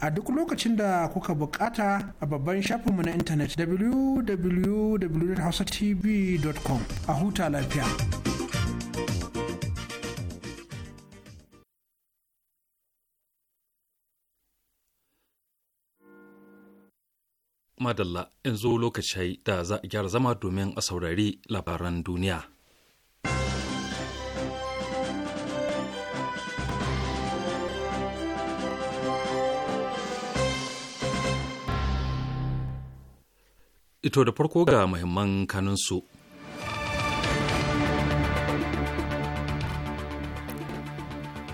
a duk lokacin da kuka bukata a babban shafinmu na intanet www.hausatv.com a huta lafiya. Madalla, yanzu lokaci da za a gyara zama domin a saurari labaran duniya. Ito da farko ga muhimman kanunsu.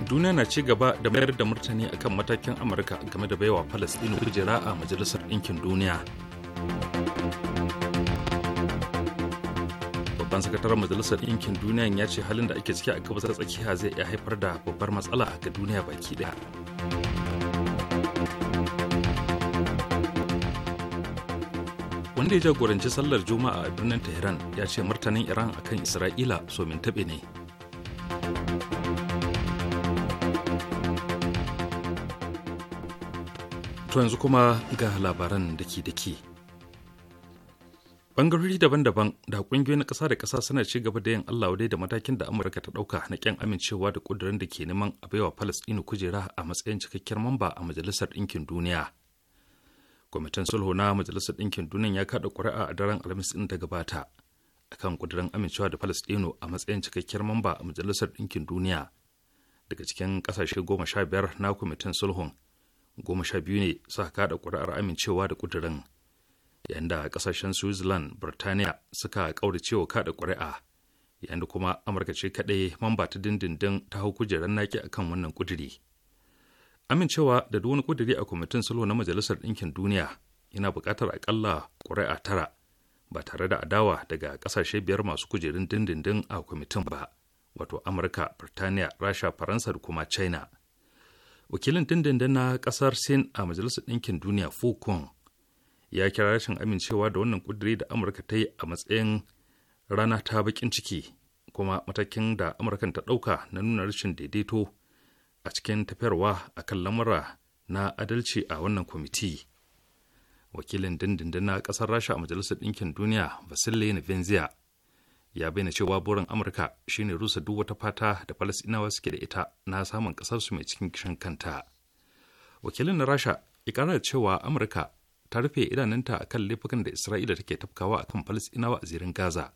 Duniya na ci gaba da mayar da murtani akan matakin Amurka game da baiwa Falasɗinu kujera a Majalisar Ɗinkin Duniya. Babban sakataren Majalisar Ɗinkin Duniya ya ce halin da ake ciki a gabasar tsakiya zai iya haifar da babbar matsala ga duniya baki ɗaya. wanda ya jagoranci sallar juma'a a birnin tehran ya ce martanin iran akan isra'ila somin taɓe ne to yanzu kuma ga labaran daki-daki bangarori daban-daban da kungiyoyin ƙasa da ƙasa suna ci gaba da yin allah wadai da matakin da amurka ta ɗauka na ƙyan amincewa da ƙudurin da ke neman a baiwa palestino kujera a matsayin cikakkiyar mamba a majalisar ɗinkin duniya kwamitin sulhu na majalisar ɗinkin duniya ya kaɗa ƙuri'a a daren alhamis ɗin da gabata akan ƙudurin amincewa da falastino a matsayin cikakkiyar mamba a majalisar ɗinkin duniya daga cikin ƙasashe goma sha biyar na kwamitin sulhun goma sha biyu ne sa kaɗa ƙuri'ar amincewa da ƙudurin yayin da ƙasashen switzerland birtaniya suka ƙauracewa kaɗa ƙuri'a yayin da kuma amurka ce kaɗai mamba ta dindindin ta hau kujerar naki akan wannan ƙuduri. amincewa da duk wani kudiri a kwamitin sulhu na majalisar ɗinkin duniya yana buƙatar aƙalla ƙuri'a tara ba tare da adawa daga ƙasashe biyar masu kujerun dindindin a kwamitin ba wato amurka birtaniya rasha faransa da kuma china wakilin dindindin na ƙasar sin a majalisar ɗinkin duniya fukun ya kira rashin amincewa da wannan kudiri da amurka ta yi a matsayin rana ta bakin ciki kuma matakin da amurkan ta ɗauka na nuna rashin daidaito a cikin tafiyarwa a kan lamura na adalci a wannan kwamiti wakilin dindindin na ƙasar rasha a majalisar ɗinkin duniya vasily nevenziya ya bayyana cewa burin amurka shine rusa duk wata fata da falasɗinawa suke da ita na samun ƙasarsu mai cikin kishin kanta wakilin na rasha ya ƙara cewa amurka ta rufe idanunta kan laifukan da isra'ila take tafkawa a kan falasɗinawa a zirin gaza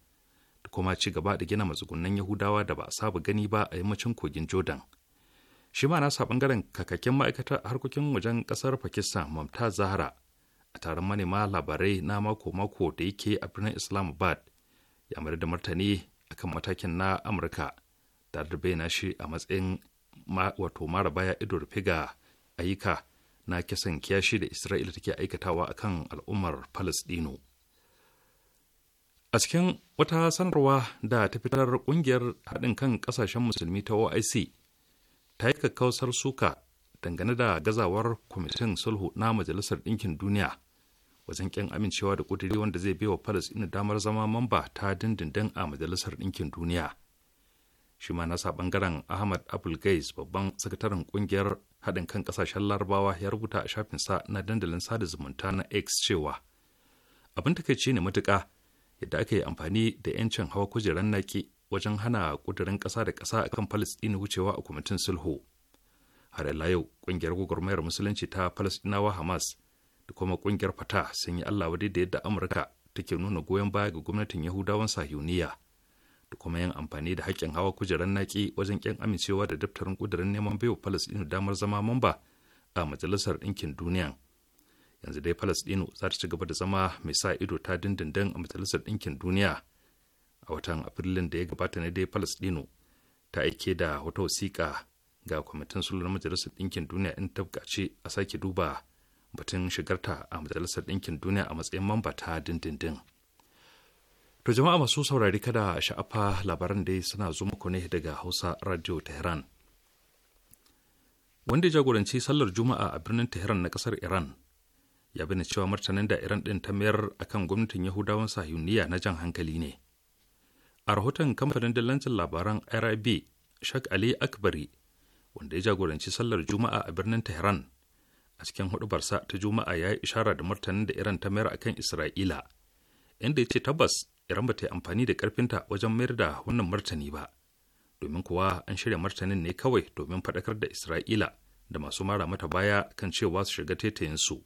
da kuma ci gaba da gina matsugunan yahudawa da ba a saba gani ba a yammacin kogin jordan shi ma nasa bangaren kakakken ma'aikatar harkokin wajen kasar pakistan mamta zahra a taron manema labarai na mako-mako da yake a birnin islamabad ya mayar da martani akan matakin na amurka tare da bayyana shi a matsayin wato mara baya ido rufe ga ayyuka na kisan kiyashi da isra'ila take aikatawa akan al'ummar palestino a cikin wata sanarwa da ta fitar ƙungiyar haɗin kan ƙasashen musulmi ta oic ta yi kakkausar suka dangane da gazawar kwamitin sulhu na majalisar ɗinkin duniya wajen ƙin amincewa da ƙudiri wanda zai baiwa ina damar zama mamba ta dindindin a majalisar ɗinkin duniya shi ma nasa ɓangaren ahmad gais babban sakataren ƙungiyar haɗin kan ƙasashen larabawa ya rubuta a shafinsa na dandalin sada zumunta na x cewa abin takaici ne matuƙa yadda aka yi amfani da 'yancin hawa kujerar naki wajen hana ƙudurin ƙasa da ƙasa akan Falasɗinu wucewa a kwamitin sulhu. Har ila yau ƙungiyar gwagwarmayar musulunci ta Falasɗinawa Hamas da kuma ƙungiyar fata sun yi Allah wadai da yadda Amurka take nuna goyon baya ga gwamnatin Yahudawan Sahiyuniya da kuma yin amfani da haƙƙin hawa kujerar naƙi wajen ƙin amincewa da daftarin ƙudurin neman baiwa Falasɗinu damar zama mamba a Majalisar Ɗinkin Duniya. Yanzu dai Falasɗinu za ta ci gaba da zama mai sa ido ta dindindin a Majalisar Ɗinkin Duniya a watan afrilun da ya gabata ne dai palestino ta aike da wata wasiƙa ga kwamitin sulhun majalisar ɗinkin duniya in ta a sake duba batun shigarta a majalisar ɗinkin duniya a matsayin mamba ta dindindin to jama'a masu saurari kada sha'afa labaran dai suna zo muku ne daga hausa radio tehran wanda ya jagoranci sallar juma'a a birnin tehran na kasar iran ya bi cewa martanin da iran din ta mayar akan gwamnatin yahudawan sahiyuniya na jan hankali ne a rahoton kamfanin dillancin labaran rib shak ali akbari wanda ya jagoranci sallar juma'a a birnin tehran a cikin hudubarsa ta juma'a ya yi ishara da martanin da iran ta mayar a kan isra'ila inda ya ce tabbas iran ba ta yi amfani da karfinta wajen mayar da wannan martani ba domin kuwa an shirya martanin ne kawai domin faɗakar da isra'ila da masu mara mata baya kan cewa su shiga taitayinsu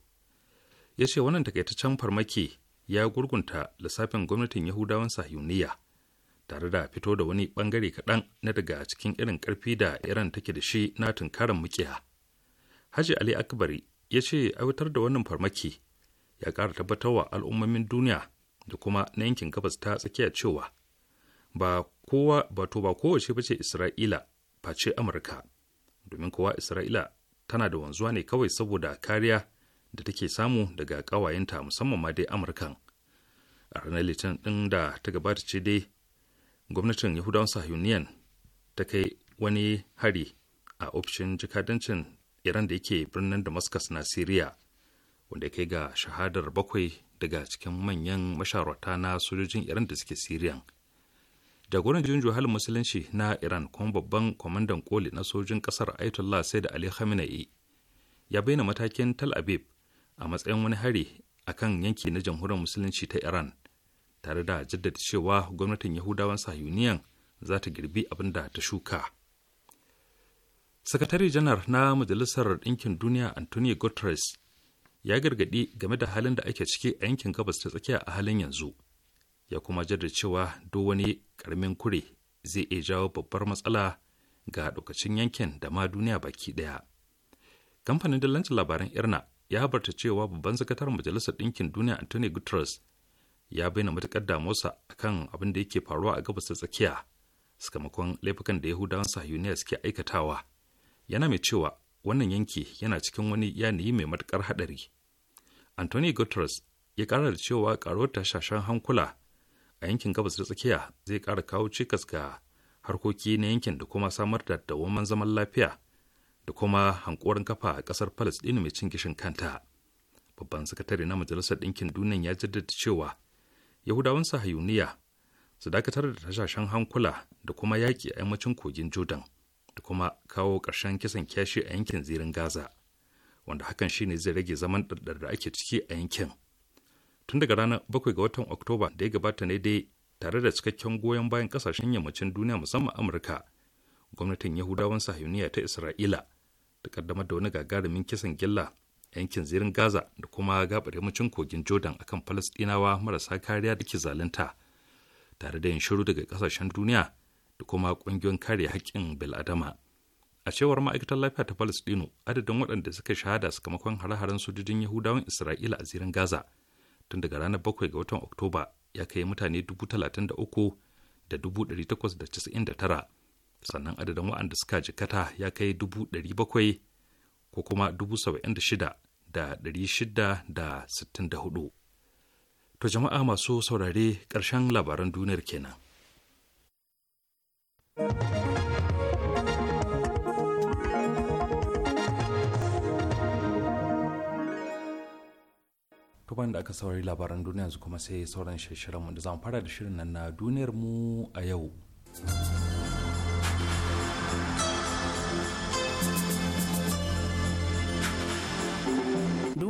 ya ce wannan takaitaccen farmaki ya gurgunta lissafin gwamnatin yahudawan sahiyuniya tare da fito da wani bangare kaɗan na daga cikin irin ƙarfi da iran take da shi na tunkarar mukiya haji ali akbari ya ce aiwatar da wannan farmaki ya ƙara tabbatar wa al'ummomin duniya da kuma na yankin gabas ta tsakiya cewa ba kowa ba to ba kowace ba ce isra'ila face amurka domin kowa isra'ila tana da wanzuwa ne kawai saboda kariya da take samu daga ƙawayenta musamman ma dai amurkan a ranar litinin ɗin da ta gabata ce dai gwamnatin yahudawan sahiyuniyan ta kai wani hari a ofishin jikadancin iran da yake birnin damascus na syria wanda kai ga shahadar bakwai daga cikin manyan masharwata na sojojin iran da suke syrian jagoran junju halin musulunci na iran kuma babban kwamandan koli na sojin kasar ayatollah sai da ali khamenei ya bayyana matakin tal abib a matsayin wani hari akan yanki na jamhuriyar musulunci ta iran tare da jaddada cewa gwamnatin yahudawan sahiyuniyan za ta girbi abin da ta shuka sakatare janar na majalisar ɗinkin duniya antonio guterres ya gargadi game da halin da ake ciki a yankin gabas ta tsakiya a halin yanzu ya kuma jaddada cewa duk wani karamin kure zai iya jawo babbar matsala ga ɗaukacin yankin da ma duniya baki ɗaya kamfanin dillancin labaran irna ya habarta cewa babban zakatar majalisar ɗinkin duniya antonio guterres ya bayyana matuƙar damuwarsa akan abin da yake faruwa a gabas ta tsakiya sakamakon laifukan da yahudawan sahiyuniya suke aikatawa yana mai cewa wannan yanki yana cikin wani yanayi mai matukar haɗari anthony guterres ya kara da cewa karuwar tashashen hankula a yankin gabas da tsakiya zai kara kawo cikas ga harkoki na yankin da kuma samar da dawwaman zaman lafiya da kuma hankorin kafa a ƙasar palestine mai cin gishin kanta babban sakatare na majalisar ɗinkin duniya ya jaddada cewa yahudawan sahayuniya su dakatar da tashashen hankula da kuma yaƙi a yammacin kogin jordan da kuma kawo ƙarshen kisan kyashi a yankin zirin gaza wanda hakan shi ne zai rage zaman ɗaɗɗar da ake ciki a yankin tun daga ranar bakwai ga watan oktoba da ya gabata ne dai tare da cikakken goyon bayan ƙasashen yammacin duniya musamman amurka gwamnatin yahudawan sahayuniya ta isra'ila ta ƙaddamar da wani gagarumin kisan gilla yankin zirin gaza da kuma gabar yammacin kogin jordan akan falasɗinawa marasa kariya da ke zalunta tare da yin shiru daga kasashen duniya da kuma ƙungiyoyin kare haƙƙin bil'adama a cewar ma'aikatar lafiya ta palestino adadin waɗanda suka shahada sakamakon hare-haren sojojin yahudawan isra'ila a zirin gaza tun daga ranar bakwai ga watan oktoba ya kai mutane da da uku casa'in tara sannan adadin waɗanda suka jikata ya kai 700 ko kuma 76,664. To jama'a masu saurare ƙarshen labaran duniyar kenan. Tuban da aka saurari labaran duniya kuma sai sauran shirin mu da zan fara da shirin nan na duniyar mu a yau.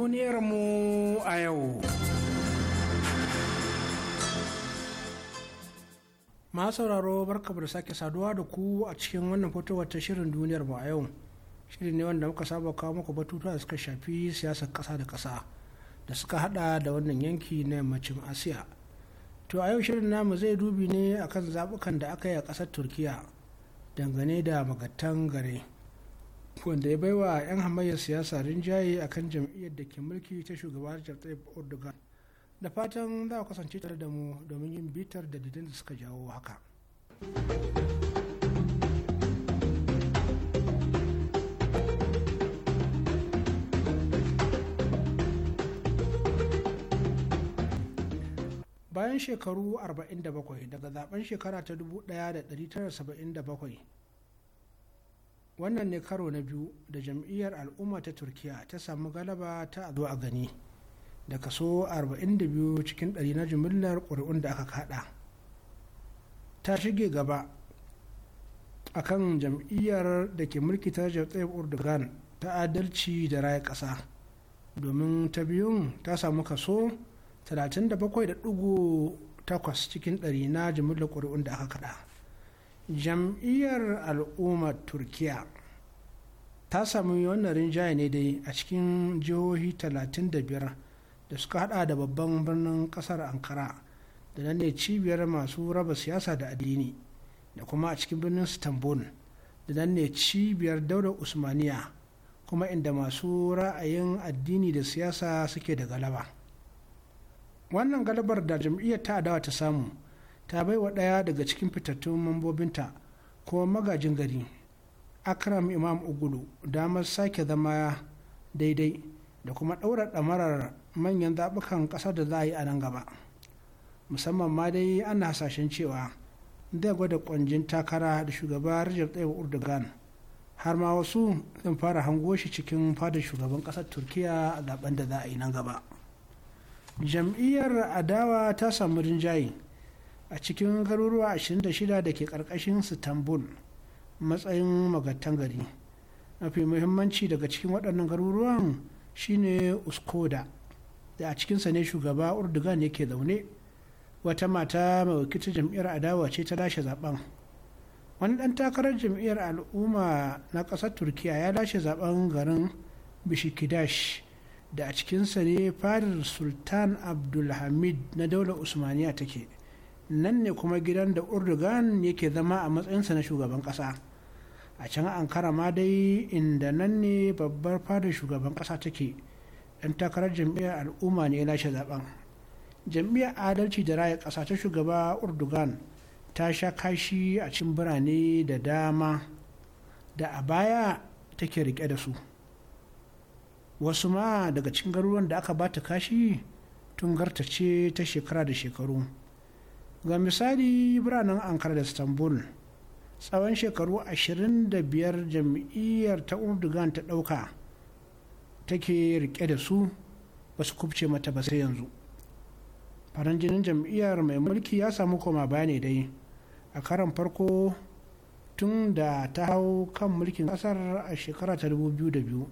mu a yau. masu sauraro barkamu da sake saduwa da ku a cikin wannan fitowar ta shirin duniyar mu a yau. Shirin ne wanda muka saba kawo muku batutuwa da suka shafi siyasar kasa da kasa da suka hada da wannan yanki na yammacin Asiya. To a yau shirin namu zai dubi ne akan zabukan da aka yi a ƙasar Turkiya dangane da magatan gare. wanda ya baiwa 'yan hamayyar siyasa rinjaye a kan jam'iyyar da ke mulki ta shugaba Recep Tayyip Erdogan. Da fatan za ku kasance tare da mu domin yin bitar da didin da suka jawo haka. bayan shekaru 47 daga zaben shekara ta 1977 wannan ne karo na biyu da jam'iyyar al'umma ta turkiya ta samu galaba ta zo a gani da kaso 42 cikin 100 na jimillar ƙuri'un da aka kada ta shige gaba a kan jam'iyyar da ke mulki ta jatsayar urdugan ta adalci da raya ƙasa domin ta biyun ta samu kaso 37.8 cikin 100 na jimillar ƙuri'un da aka kada jam'iyyar al'ummar turkiya ta sami wannan rinjaye ne dai a cikin jihohi 35 da suka hada da babban birnin kasar ankara da nan ne cibiyar masu raba siyasa da addini da kuma a cikin birnin istanbul da nan ne cibiyar daular usmaniya kuma inda masu ra'ayin addini da siyasa suke da galaba wannan galabar da jam'iyyar ta adawa ta samu ta baiwa ɗaya daga cikin fitattun mambobinta ko magajin gari akram imam ugulu damar sake zama daidai da kuma ɗaura ɗamarar manyan zaɓukan ƙasar da za a yi a nan gaba musamman ma dai ana hasashen cewa zai gwada ƙwanjin takara da shugaba rajar tsaye urdugan har ma wasu zan fara hango shi cikin fadar shugaban ƙasar turkiya a zaben da za a yi nan gaba jam'iyyar adawa ta samu rinjaye a cikin garuruwa 26 da ke ƙarƙashin istanbul matsayin magatan gari mafi muhimmanci daga cikin waɗannan garuruwan shine uskoda da a cikinsa ne shugaba urdugan yake zaune wata mata mai wakilta jam'iyyar adawa ce ta lashe zaben wani ɗan takarar jam'iyyar al'umma na ƙasar turkiya ya lashe zaben garin bishikidash da a cikinsa ne fadar sultan abdulhamid na daular usmaniya take nan ne kuma gidan da urdugan yake zama a matsayinsa na shugaban ƙasa a can ankara ma dai inda nan ne babbar fadar shugaban ƙasa take ɗan takarar jam'iyyar al'umma ne ya lashe zaben jam'iyyar adalci da raya ƙasa ta shugaba urdugan ta sha kashi a cikin birane da dama da a baya take rike da su wasu ma daga cikin garuruwan da aka bata kashi tun gartace ta shekara da shekaru ga misali biranen ankara da istanbul tsawon shekaru 25 jam'iyyar ta urdugan ta ɗauka take rike da su ba su kubce mata ba sai yanzu faran jinin jam'iyyar mai mulki ya samu koma bayani dai a karan farko tun da ta hau kan mulkin kasar a shekara ta 2002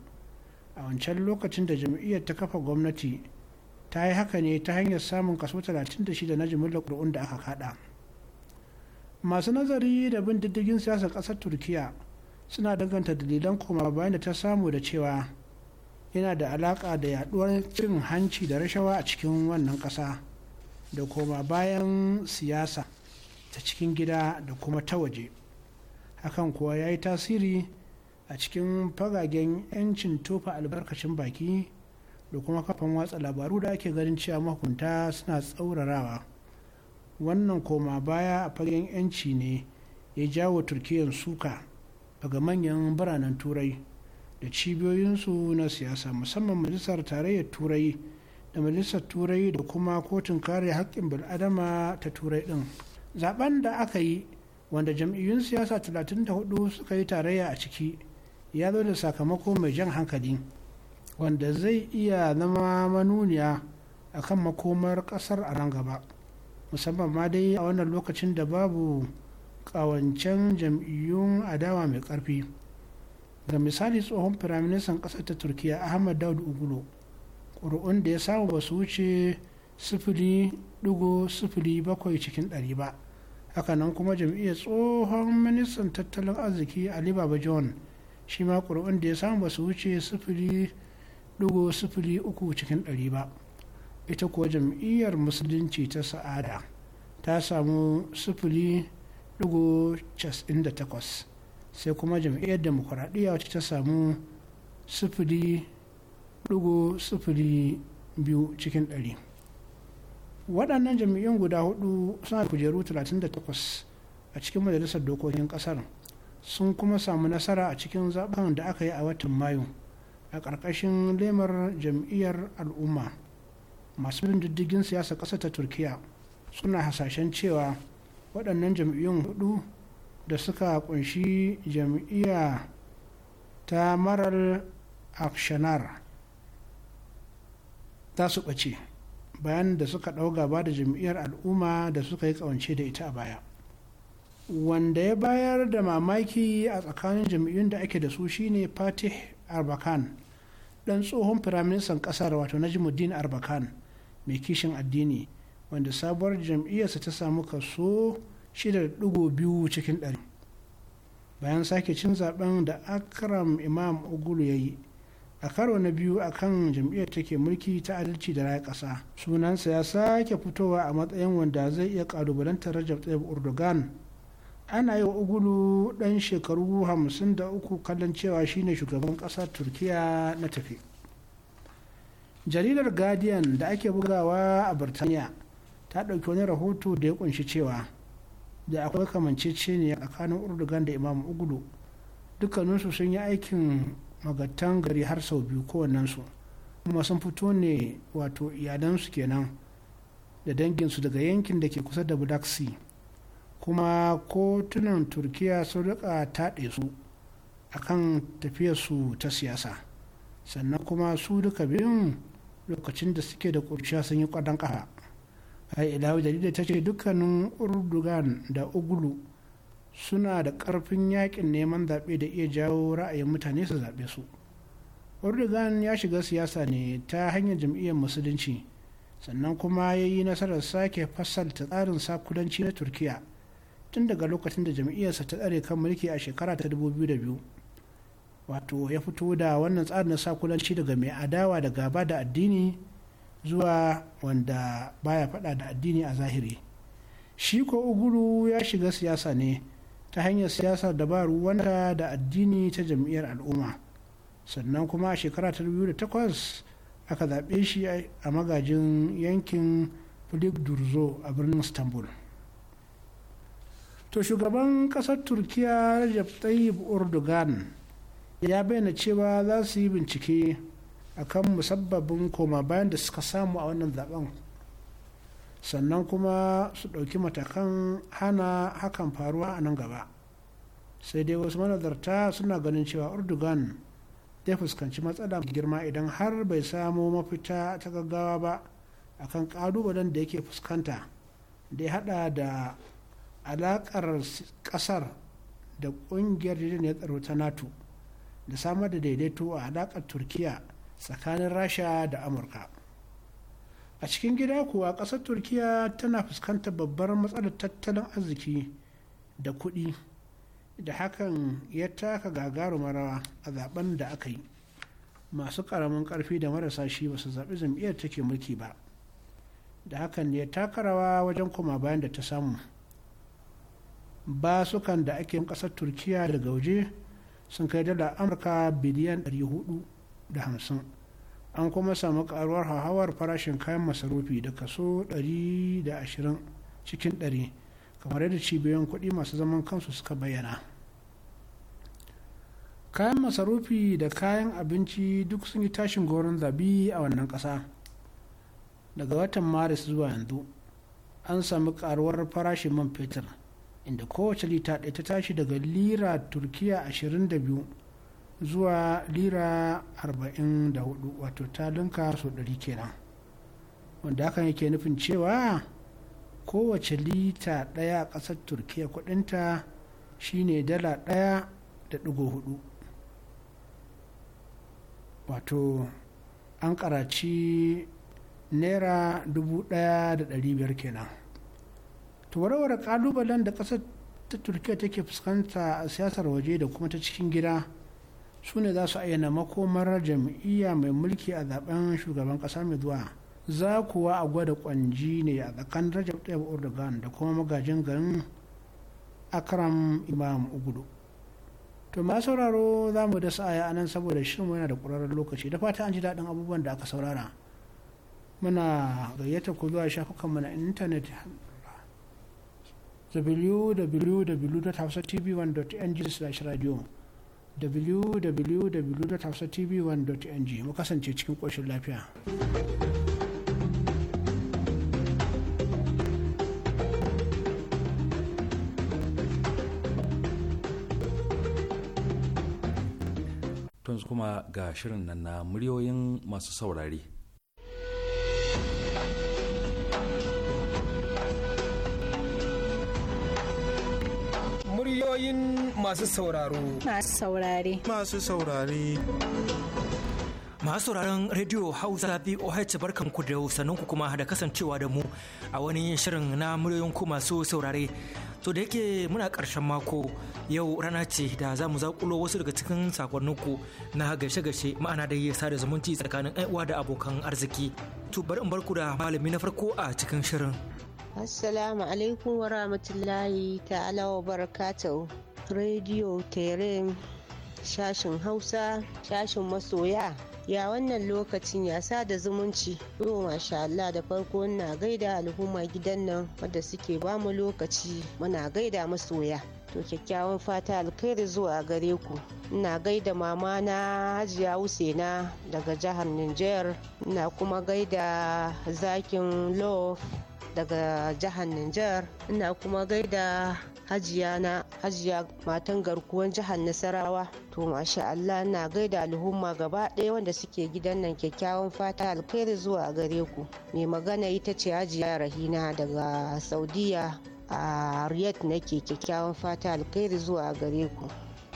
a wancan lokacin da jam'iyyar ta kafa gwamnati ta yi haka ne ta hanyar samun kaso 36 na jimillar ƙuri'un da aka kada masu nazari da bin diddigin siyasar ƙasar turkiya suna danganta dalilan koma bayan da ta samu da cewa yana da alaƙa da yaduwar cin hanci da rashawa a cikin wannan ƙasa da koma bayan siyasa ta cikin gida da kuma ta waje hakan kuwa ya yi tasiri a cikin fagagen 'yancin tofa albarkacin baki da kuma kafan watsa labaru da ake ganin cewa mahukunta suna tsaurarawa wannan koma baya a fagen 'yanci ne ya jawo turkiyyar suka daga manyan biranen turai da cibiyoyinsu na siyasa musamman majalisar tarayyar turai da majalisar turai da kuma kotun kare haƙƙin bil'adama ta turai ɗin zaben da aka yi wanda jam'iyyun siyasa 34 suka yi tarayya a ciki ya zo da sakamako mai jan hankali wanda zai iya zama manuniya a kan makomar ƙasar a nan gaba musamman ma dai a wannan lokacin da babu ƙawancen jam'iyyun adawa mai ƙarfi ga misali tsohon firaministan ƙasar ta turkiya ahmad daud ugulo ƙuri'un da ya samu ba su wuce sifili dugo sifili bakwai cikin ɗari ba hakanan kuma jam'iyyar tsohon ministan tattalin arziki ali baba john shi ma ƙuri'un da ya samu ba su wuce sifili uku cikin ɗari ba ita kuwa jam'iyyar musulunci ta sa'ada ta samu 0.98 takwas sai kuma jam'iyyar demokuraɗiyya wacce ta samu 0.02 biyu cikin ɗari waɗannan jam'iyyun guda hudu suna kujeru 38 a cikin majalisar dokokin ƙasar sun kuma samu nasara a cikin zaben da aka yi a watan mayu a ƙarƙashin lemar jam'iyyar al'umma masu bin diddigin siyasa ƙasa ta turkiya suna hasashen cewa waɗannan jam'iyyun hudu da suka kunshi jam'iyya ta marar akshanar ta su ɓace bayan da suka ɗau gaba da jam'iyyar al'umma da suka yi ƙawance da ita a baya wanda ya bayar da mamaki a tsakanin jam'iyyun da ake da su shine fatih arbakan dan tsohon firaministan ƙasar wato najimuddin arbakan mai kishin addini wanda sabuwar jam'iyyarsa ta samu kaso 6.2 cikin ɗari. bayan sake cin zaben da akram imam ogulu ya yi a karo na biyu a kan jam'iyyar take mulki ta adalci da raya ƙasa sunansa ya sake fitowa a matsayin wanda zai iya ƙalubalantar rajab tsaye erdogan ana yi wa ugulu ɗan shekaru hamsin da uku kallon cewa shine shugaban ƙasar turkiya na tafi jaridar guardian da ake bugawa a birtaniya ta ɗauki wani rahoto da ya kunshi cewa da akwai ne tsakanin urdugan da imam ugulu dukkaninsu sun yi aikin magatan gari har sau biyu kowannensu kuma sun fito ne wato iyalansu kenan da danginsu daga yankin da ke kusa da black sea kuma kotunan turkiya sun rika taɗe su akan tafiyarsu ta siyasa sannan kuma su duka biyun lokacin da suke da kurciya sun yi kwadon ƙafa a ilawi jarida ta ce dukkanin urdugan da ugulu suna da ƙarfin yakin neman zaɓe da iya jawo ra'ayin mutane su zaɓe su urdugan ya shiga siyasa ne ta hanyar jam'iyyar musulunci sannan kuma ya yi nasarar sake fasalta tsarin sakudanci na Turkiyya. tun daga lokacin da jam'iyyarsa ta tsare kan mulki a shekara ta 2002 wato ya fito da wannan tsarin na sakulanci daga mai adawa da gaba da addini zuwa wanda baya faɗa da addini a zahiri shi ko uguru ya shiga siyasa ne ta hanyar siyasa da ba ruwanta da addini ta jam'iyyar al'umma sannan kuma a shekara ta 2008 aka zaɓe shi a magajin yankin filip durzo a birnin istanbul to shugaban kasar turkiya rajab tayyip erdogan ya bayyana cewa za su yi bincike a kan musabbabin koma bayan da suka samu a wannan zaben sannan kuma su ɗauki matakan hana hakan faruwa a nan gaba sai dai wasu manazarta suna ganin cewa erdogan zai fuskanci matsala girma idan har bai samo mafita ta gaggawa ba akan ƙalubalen da yake fuskanta da ya hada da alaƙar ƙasar da ƙungiyar jirgin tsaro ta nato da samar da daidaito a alaƙar turkiya tsakanin rasha da amurka a cikin gida kuwa ƙasar turkiya tana fuskantar babbar matsalar tattalin arziki da kuɗi da hakan ya taka gagarumar rawa a zaben da aka yi masu ƙaramin ƙarfi da marasa shi ba su zaɓi zam'iyyar take mulki ba da hakan ne taka rawa wajen koma bayan da ta samu basukan da ake kasar turkiya daga waje sun kai dala amurka biliyan 450 an kuma samu karuwar hauhawar farashin kayan masarufi da kaso 120 cikin 100 kamar yadda cibiyoyin kuɗi masu zaman kansu suka bayyana kayan masarufi da kayan abinci duk sun yi tashin goron zabi a wannan ƙasa daga watan maris zuwa yanzu an sami karuwar farashin man fetur inda kowace lita ɗaya ta tashi daga lira turkiya 22 zuwa lira 44 wato talinka sau ɗari kenan wanda hakan yake nufin cewa kowace lita ɗaya a ƙasar turkiya kudinta shine dala ɗaya da ɗigo hudu wato an karaci naira dubu ɗaya da ɗari biyar kenan tawarawar kalubalen da ƙasar ta turkiya take fuskanta a siyasar waje da kuma ta cikin gida su ne za su ayyana makomar jam'iyya mai mulki a zaben shugaban ƙasa mai zuwa za kuwa a gwada kwanji ne a tsakan rajab tayyip erdogan da kuma magajin garin akram imam ugudu to ma sauraro za mu da sa'aya anan saboda shirinmu yana da ƙwararren lokaci da fata an ji daɗin abubuwan da aka saurara muna gayyata ku zuwa shafukanmu na intanet www.hausatv1.ng/radio www.hausatv1.ng mu kasance cikin ƙoshin lafiya. Tunzu kuma ga shirin nan na muryoyin masu saurari. Muryoyin masu sauraro. Masu saurare. Masu saurare. Masu sauraron Radio Hausa barkan barkanku da ku kuma da kasancewa da mu a wani shirin na muryoyin ku masu saurare. To da yake muna ƙarshen mako yau rana ce da za mu zaƙulo wasu daga cikin ku na gashe-gashe ma'ana da yasa da zumunci tsakanin uwa da abokan arziki. To bari in barku da malami na farko a cikin shirin. Assalamu alaikum wa rahmatullahi ta'ala wa barakatuhu. Radio Terim shashin Hausa, sashin masoya. Ya wannan lokacin ya sa da zumunci. Yau masha Allah da farko na gaida al'umma gidan nan wadda suke bamu lokaci muna gaida masoya. to kyakkyawan fata alkhairi zuwa gare ku ina gaida mama na hajiya husaina daga jihar niger ina kuma gaida zakin love daga jihar Nijar ina kuma gaida hajiya na hajiya matan garkuwan jihar Nasarawa to masha Allah ina gaida al'umma gaba ɗaya wanda suke gidan nan kyakkyawan fata alkhairi zuwa gare ku mai magana ita ce hajiya Rahina daga Saudiya a Riyadh nake kyakkyawan fata alkhairi zuwa gare ku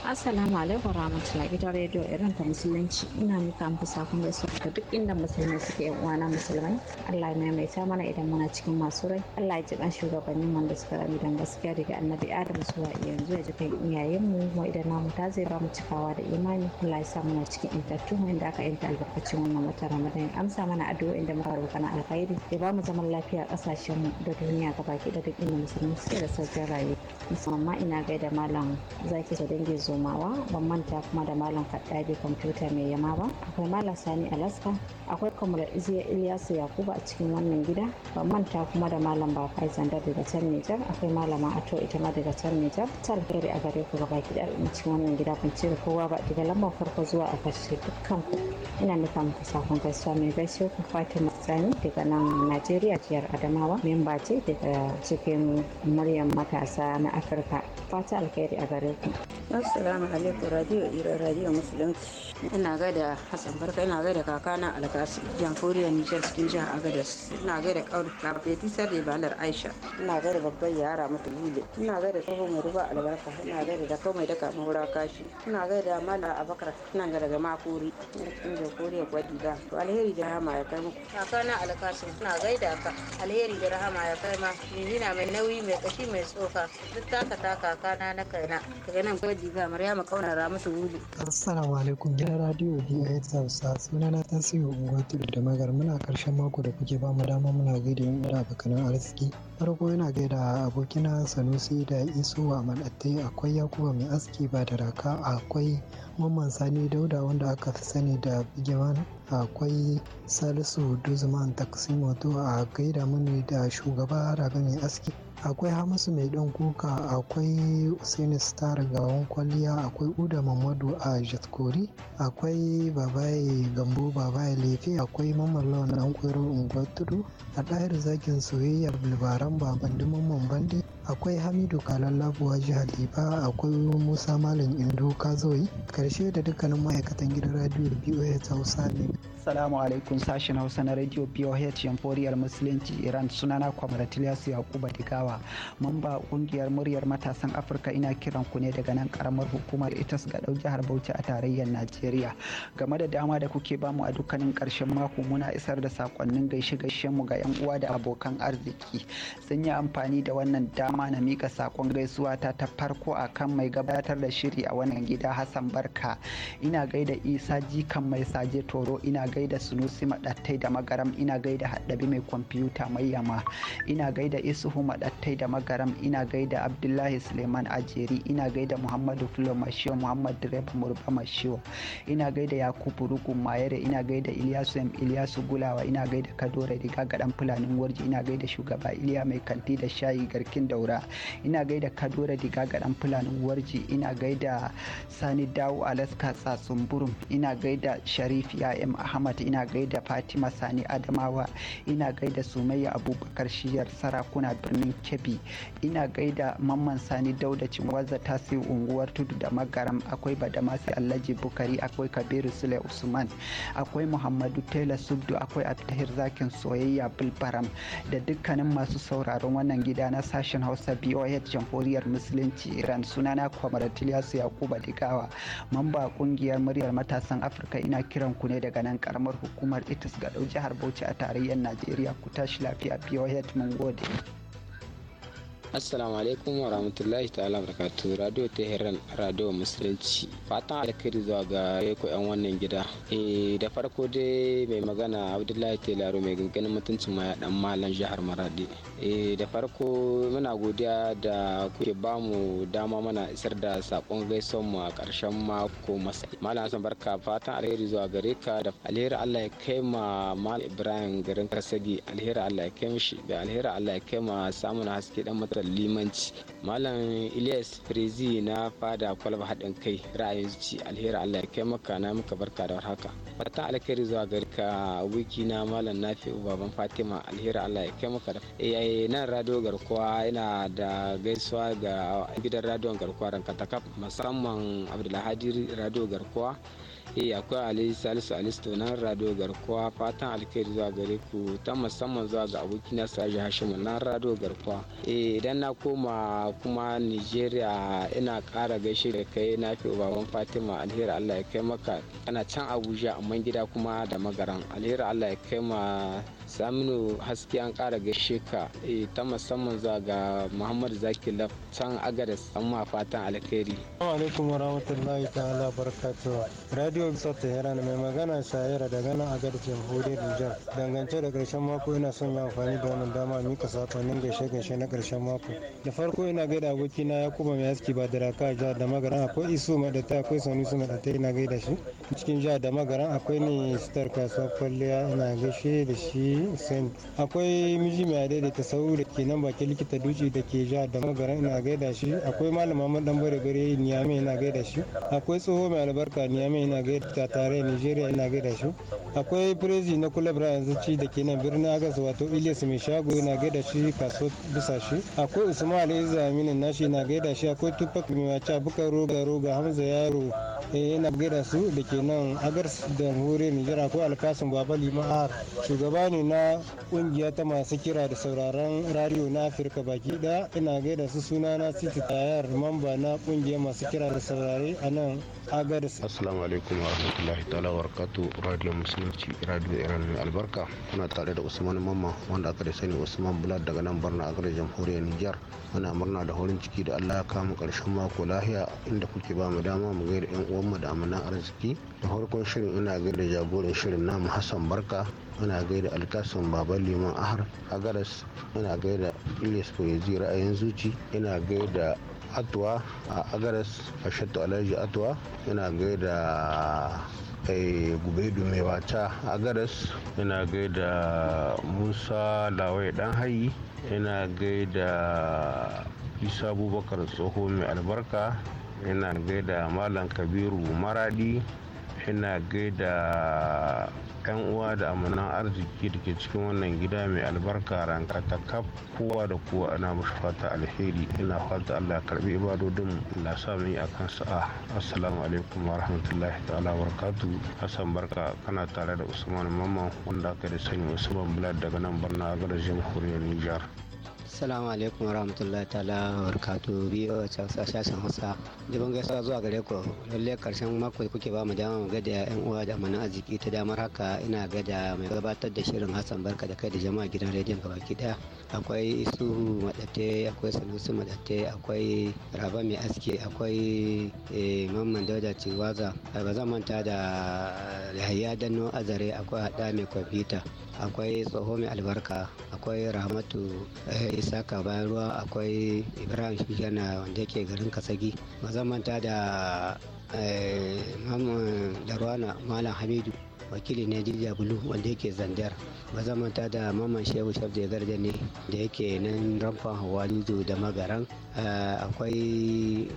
Assalamu alaikum warahmatullahi ita radio irin ta musulunci ina muka muku sakon gaisuwa ga duk inda musulmai suke yan uwana musulmai Allah ya maimaita mana idan muna cikin masu rai Allah ya ji kan shugabannin wanda suka rabu dan gaskiya daga annabi Adam zuwa yanzu ya ji kan iyayen mu idan namu ta zai ba mu cikawa da imani Allah ya sa muna cikin intattu inda aka yanta albarkacin wannan wata Ramadan amsa mana addu'o da muka roƙa na alkhairi ya ba mu zaman lafiya kasashen mu da duniya gaba ki da duk inda musulmai suke da sauƙin rayuwa musamman ina gaida malam zaki sa dangi zo zomawa ban manta kuma da malam kaddabi kwamfuta mai yama ba akwai malam sani alaska akwai kamar iziya ilyasu yakuba a cikin wannan gida ban manta kuma da malam ba faizan da daga can nijar akwai malama ato ita ma daga can nijar ta alheri a gare ku gaba ki a cikin wannan gida ban cire kowa ba daga lamba farko zuwa a kashe dukkan ku ina nufa muku sakon gaisuwa mai gaisuwa ku fatima sani daga nan najeriya jiyar adamawa memba ce daga cikin muryar matasa na afirka fata alheri a gare ku Assalamu alaikum radio Ira radio Musulunci. Ina da Hassan Barka ina da kakana Alkasi Jamhuriyar Nijar cikin jihar Agadas. Ina gaida Kauri Kafeti da Balar, Aisha. Ina da babban yara mutu Ina gaida Tsoho mai ruba albarka. Ina ga da mai daka wura kashi. Ina da Mala Abakar. Ina ga ga Makuri. Ina cikin Jamhuriyar da To alheri da rahama ya kai muku. Kakana Alkasi ina da ka. Alheri da rahama ya kai ma. Jinjina mai nauyi mai kashi mai tsoka. Duk taka ta kakana na kaina. Daga nan ba Daga Maryama Kaunara musu wuri. Assalamu alaikum gidan radio BIS Hausa suna na siyo Unguwa Tudu da Magar muna karshen mako da kuke ba mu dama muna gaida yin da abokanan arziki. Farko yana gaida abokina Sanusi da iso a Malatte akwai Yakuba mai aski ba da raka akwai Mamman Sani Dauda wanda aka fi sani da Bigeman akwai Salisu Duzman Taksimoto a gaida mini da shugaba Rabe mai aski akwai hamisu mai ɗan kuka akwai usaini star gawan kwalliya akwai uda mamadu a jatkori akwai babaye gambo babaye lefe akwai mamallon ɗan kwero unguwar tudu a ɗahir zakin soyayyar labaran baban mamman bandi akwai hamidu kalallabuwa jihar liba akwai musa malam indo kazoyi karshe da dukkanin ma'aikatan gidan radio boh hausa ne Salamu alaikum sashen Hausa na Radio boh Yamforiyar Musulunci Iran sunana Kwamratiliyasu Yakuba Digawa. Mamba kungiyar muryar matasan Afirka ina kiran ku ne daga nan karamar hukumar ITAS ga dau jihar Bauchi a tarayyar Najeriya. Game da dama da kuke bamu a dukkanin karshen mako muna isar da sakonnin gaishe gaishe mu ga yan uwa da abokan arziki. Sun yi amfani da wannan dama kuma na mika sakon gaisuwa ta ta farko akan mai gabatar da shiri a wannan gida Hassan Barka. Ina gaida Isa Jikan mai saje toro, ina gaida Sunusi Madattai da Magaram, ina gaida Haddabi mai kwamfuta mai yama, ina gaida Isuhu Madattai da Magaram, ina gaida Abdullahi Suleiman Ajeri, ina gaida Muhammadu Fulo Mashiwa, Muhammad Direba Murba Mashiwa, ina gaida Yakubu Rugu Mayere, ina gaida Ilyasu M Ilyasu Gulawa, ina gaida Kadore Riga Gadan Fulanin Warji, ina gaida shugaba Iliya mai kanti da shayi garkin da daura ina gaida kadora diga ga Fulani fulanin warji ina gaida sani dawo alaska tsatsunburum ina gaida sharif ya'im ahmad ina gaida fatima sani adamawa ina gaida sumayya abubakar shiyar sarakuna birnin kebbi ina gaida mamman sani dauda Cinwaza, Tasi, unguwar tudu da magaram akwai badamasi alhaji bukari akwai kabiru sule usman akwai muhammadu tela subdu akwai abtahir zakin soyayya bilbaram da dukkanin masu sauraron wannan gida na sashen hausa hausa boh jamhuriyar musulunci iran sunana kwamar tiliyasu yakuba digawa mamba kungiyar muryar matasan afirka ina kiran ku ne daga nan karamar hukumar itis ga jihar bauchi a tarayyar najeriya ku tashi lafiya boh mun gode assalamu alaikum wa rahmatullahi ta'ala barakatu radio teheran radio musulunci fatan alkhairi zuwa ga reko yan wannan gida eh, da farko dai mai magana abdullahi telaro mai ganganin mutuncin ma dan malam jihar maradi eh, da farko muna godiya da kuke bamu dama mana isar da sakon gaison mu a karshen mako masai malam hasan barka fatan alkhairi zuwa gare ka da alheri Allah ya kai ma mal ibrahim garin kasagi alheri Allah ya kai mishi da alheri Allah ya kai ma samun haske dan mutum harkar limanci malam ilyas prezi na fada kwalba haɗin kai ra'ayin zuci alheri allah ya kai maka na muka barka da warhaka fatan alkhairi zuwa gari ka wiki na malam nafi baban fatima alheri allah ya kai maka da eh, nan radio garkuwa yana da gaisuwa ga gidan radio garkuwa rankata kaf musamman abdulhadi radio garkuwa eh akwai alhaji salisu alisto nan rado garkuwa fatan alkhairi zuwa gare ku ta musamman zuwa ga abokina saji hashimu nan rado garkuwa eh idan na koma kuma nigeria ina kara gaishe da kai na fi baban fatima alheri allah ya kai maka kana can abuja amman gida kuma da magaran alheri allah ya kai ma saminu haske an kara gaishe ka eh, ta musamman za ga muhammad zaki can agadas an ma fatan alkhairi alaikum warahmatullahi ta'ala barakatuh radio bisa tehran mai magana shayara daga nan agadas jamhuriyar nijar dangance da karshen mako ina son yi amfani da wannan dama ka sakonnin gaishe gaishe na karshen mako da farko ina gaida abokina yakuba mai haske ba da raka jihar da magaran akwai isu ta akwai da ta ina gaida shi cikin jihar da magaran akwai ne sitar kasuwar kwalliya ina gaishe da shi Sani Hussein. Akwai miji mai daidaita sau da ke nan bakin likita duci da ke ja da magaran ina gaida shi. Akwai malama Muhammad dan bare bare Niyame ina gaida shi. Akwai tsoho mai albarka Niyame ina gaida ta tare Nigeria ina gaida shi. Akwai firezi na kula Brian Zuci da ke nan birnin Agas wato Ilyas mai shago ina gaida shi kaso bisa shi. Akwai Usman Ali na nashi ina gaida shi. Akwai Tupac mai wace buka roga roga Hamza yaro yana eh, gaida su da ke nan Agas da Hure Nijar akwai alkasin babali Lima'ar ah, shugaba ne na kungiya ta masu kira da sauraron radio na Afirka baki da ina gaida su suna na Tayar mamba na kungiyar masu kira da saurare a nan Agadis. Assalamu alaikum wa rahmatullahi ta'ala wa barakatu radio musulunci radio Iran albarka kuna tare da Usman Mamma wanda aka da sani Usman Bulat daga nan Barna a jamhuriyar Nijar muna murna da horin ciki da Allah ya kama karshen mako lahiya inda kuke ba mu dama mu gaida yan uwanmu da amana arziki da farkon shirin ina gaida jagoran shirin namu Hassan Barka muna gaida alkasun baban liman ahar agaras muna gaida ilis poezi ra'ayin zuci ina gaida atuwa a agaras shatta alhaji atuwa ina gaida eh, gubedu mai wata agaras ina gaida musa lawai dan hayi ina gaida isa abubakar tsoho mai albarka ina gaida malam kabiru maradi ina gaida yan uwa da amanan arziki da ke cikin wannan gida mai albarka ranka ta kaf kowa da kowa ana mashi fata alheri ina fata allah karbi ibadodin na sa mu yi akan sa'a assalamu alaikum wa rahmatullahi ta'ala wa hassan barka kana tare da usman mamman wanda aka da sani usman blad daga nan barna a garajin jamhuriyar nijar salamu alaikum warahmatullahi ta'ala barkatu biyu a sashen Hausa. Jibin gaisuwa zuwa gare ku lalle karshen mako kuke ba mu dama mu gada yan uwa da mana arziki ta damar haka ina gada mai gabatar da shirin Hassan Barka da kai da jama'a gidan rediyon gabaki daya. akwai su madate akwai sanusi madate akwai raba mai aski akwai eh, mamman dauda ciwaza eh, ba zan manta da yahaya danno azare akwai haɗa mai kwamfuta akwai tsoho mai albarka akwai rahmatu eh, isaka bayan ruwa akwai ibrahim na wanda ke garin kasagi ba zan manta da Darwana malam hamidu wakili ne jirja bulu wanda yake zandar mazamanta da maman shehu shabda garda ne da yake nan ramfan walidu da magaran akwai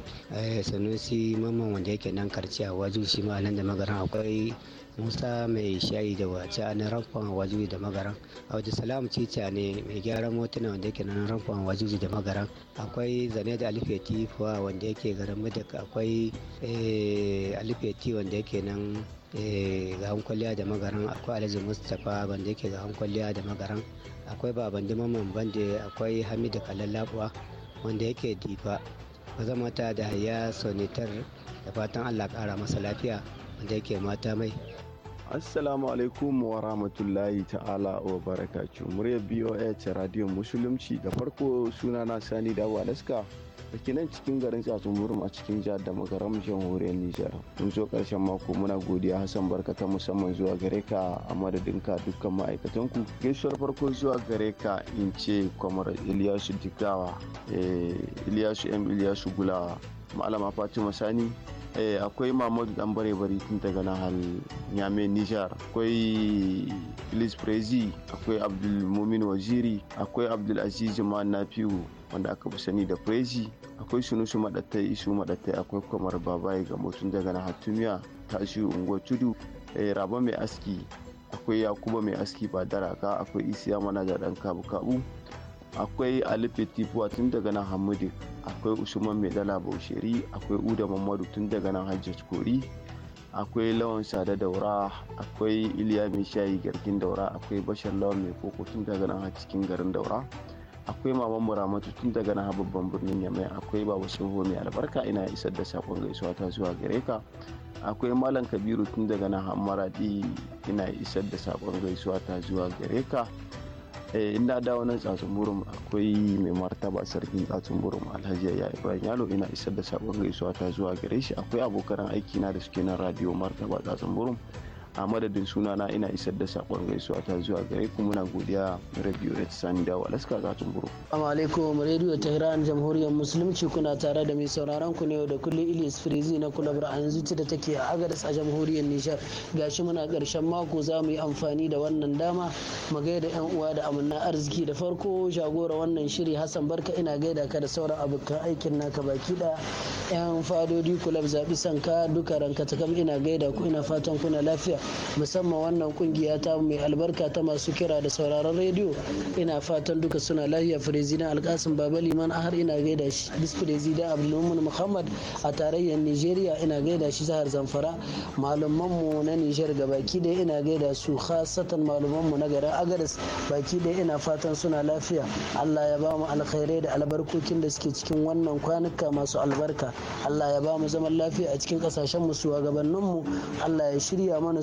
sanusi maman wanda yake nan karciya wajen shi ma nan da magaran akwai musa mai shayi da wace a nan ramfan wajuji da magaran a wajen salamu cica ne mai gyaran motuna wanda yake nan ramfan wajuji da magaran akwai zane da alifeti fuwa wanda yake garin madaka akwai eh, alifeti wanda yake nan Eh, ga kwalliya da magaran akwai alhaji mustapha banda yake ga kwalliya da magaran akwai babandi mamman banda akwai hamidu kalallabuwa wanda yake difa maza ta da ya sonitar da fatan allah kara masa lafiya wanda yake mata mai Assalamu alaikum wa rahmatullahi ta'ala wa barakatuh. Muryar BOH Radio Musulunci da farko suna na Sani Dawo naska da nan cikin garin tsatsun a cikin jihar da magaram jamhuriyar nijar mun zo karshen mako muna godiya hassan barka ta musamman zuwa gare ka a madadinka dukkan ma'aikatanku gaisuwar farko zuwa gare ka in ce kwamar iliyasu dikawa eh, iliyasu m iliyasu gulawa malama fatima sani eh, akwai mahmud dan bare bari tun daga nahal nyame nijar akwai ilis prezi akwai abdul mumin waziri akwai abdul aziz man nafiu wanda aka fi sani da Prezi akwai Sunusu maɗatai Isu maɗatai akwai Kwamar Babaye ga motsin daga na Hatumiya Tashiru Unguwar Tudu eh, Raba Mai Aski akwai Yakuba Mai Aski ba Badaraka akwai Isiya da Ɗan Kabu Kabu akwai Ali Fetifuwa tun daga nan Hamadu akwai Usman Mai Dala Bausheri akwai Uda Mamadu tun daga nan Hajjaj Kori akwai lawan sada daura akwai iliya mai shayi garkin daura akwai bashar lawan mai koko tun daga nan cikin garin daura akwai maman muramatu tun daga na babban birnin yamai akwai baba soho mai albarka ina isar da sakon gaisuwa ta zuwa gare ka akwai malam kabiru tun daga na hamaradi ina isar da sakon gaisuwa ta zuwa gare ka eh, inda dawo nan tsatsun burum akwai mai martaba sarkin tsatsun burum alhaji ya ibrahim yalo ina isar da sakon gaisuwa ta zuwa gare shi akwai abokan aiki na da suke nan radio martaba tsatsun burum a madadin sunana ina isar da sakon gaisuwa ta zuwa gare ku muna godiya radio red sani laska za ta buru assalamu alaikum radio tehran jamhuriyar musulunci kuna tare da mai sauraron ku ne da kullu ilis frizi na kulabar a yanzu da take a agadas a jamhuriyar nishar gashi muna karshen mako za mu yi amfani da wannan dama mu gaida yan uwa da amanna arziki da farko jagora wannan shiri hassan barka ina gaida ka da sauran abokan aikin naka baki da yan fadodi kulab zabi sanka duka ranka ta kam ina gaida ku ina fatan kuna lafiya musamman wannan kungiya ta mai albarka ta masu kira da sauraron rediyo ina fatan duka suna lafiya firezidan alkasim baba liman har ina gaida shi bis firezidan abdulmumin muhammad a tarayyar nigeria ina gaida shi zahar zamfara malaman mu na niger ga baki da ina gaida su khasatan malaman mu na garin agaris baki da ina fatan suna lafiya allah ya bamu mu alkhairai da albarkokin da suke cikin wannan kwanuka masu albarka allah ya bamu zaman lafiya a cikin kasashen mu su gabanin mu allah ya shirya mana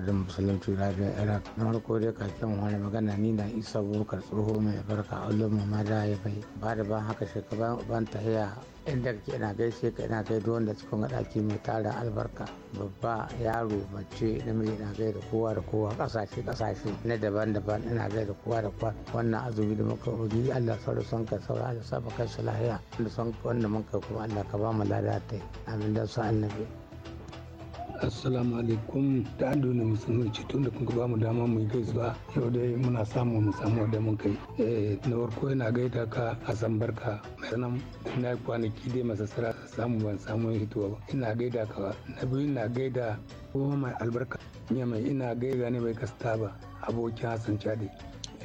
adadin musulunci radiyon iraq na farko dai kyan wani magana ni na isa bukar tsoho mai barka allon mu da ya bai ba da ban haka shekaru ban haya inda kake ina gaishe ka ina gaido da cikin ɗaki mai tarin albarka babba yaro mace namiji ina da kowa da kowa ƙasashe ƙasashe na daban-daban ina da kowa da kowa wannan azumi da muka ubi Allah sauri son ka saura da sa baka shi lahiya wanda son wanda mun kai kuma Allah ka ba mu lada ta yi amin da su annabi assalamu alaikum da an dole mu ce tun da kuka ba mu dama mu ba? yau dai muna samu mu samu da mun kai eh, na farko yana gaida ka a san barka mai nan na kwanaki dai a samu ban samu hituwa ba ina gaida ka na biyu ina gaida kuma mai albarka ne mai ina gaida ne mai kasta ba abokin hasan cadi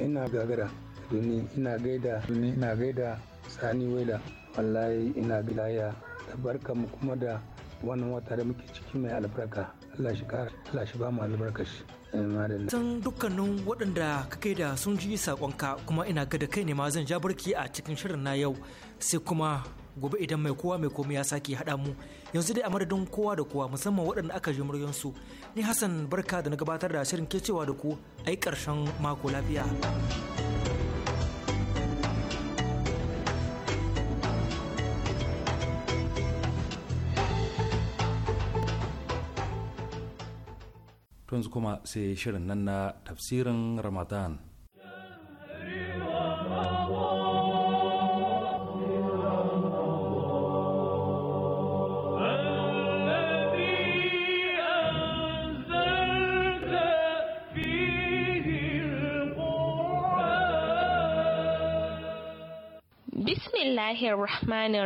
ina gagara domin ina gaida domin ina gaida sani waila wallahi ina gidaya da barka mu kuma da wannan wata da muke ciki mai albarka Allah shi kara Allah shi ba mu albarkashi san dukkanin waɗanda ka kai da sun ji saƙonka kuma ina ga da kai ne ma zan ja barki a cikin shirin na yau sai kuma gobe idan mai kowa mai komai ya sake haɗa mu yanzu dai a madadin kowa da kowa musamman waɗanda aka ji muryansu ni hassan barka da na gabatar da shirin ke cewa da ku ai ƙarshen mako lafiya Tun su kuma sai shirin nan na tafsirin ramadan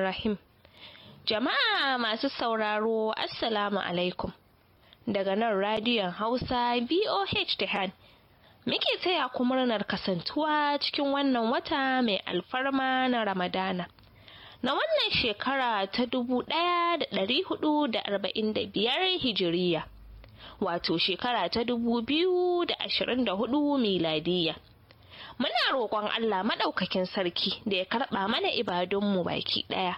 rahim Jama'a masu sauraro, Assalamu alaikum. daga nan radiyon Hausa VOH Tehran. Muke taya ku murnar kasantuwa cikin wannan wata mai alfarma na Ramadana. Na wannan shekara ta dubu ɗaya da da arba'in da biyar Hijiriya, wato shekara ta dubu biyu da da hudu miladiya. Muna roƙon Allah maɗaukakin sarki da ya karɓa mana ibadunmu baki ɗaya.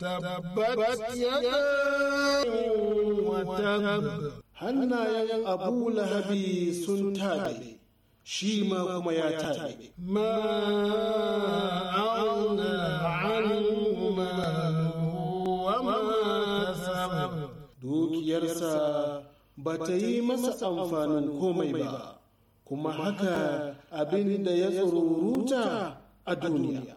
tabbat yada hannayen abu lahabi sun tabe shi ma kuma ya tabe ma wa ma dukiyarsa ba ta yi masa amfanin komai ba kuma haka abin da ya tsoro ruta a duniya.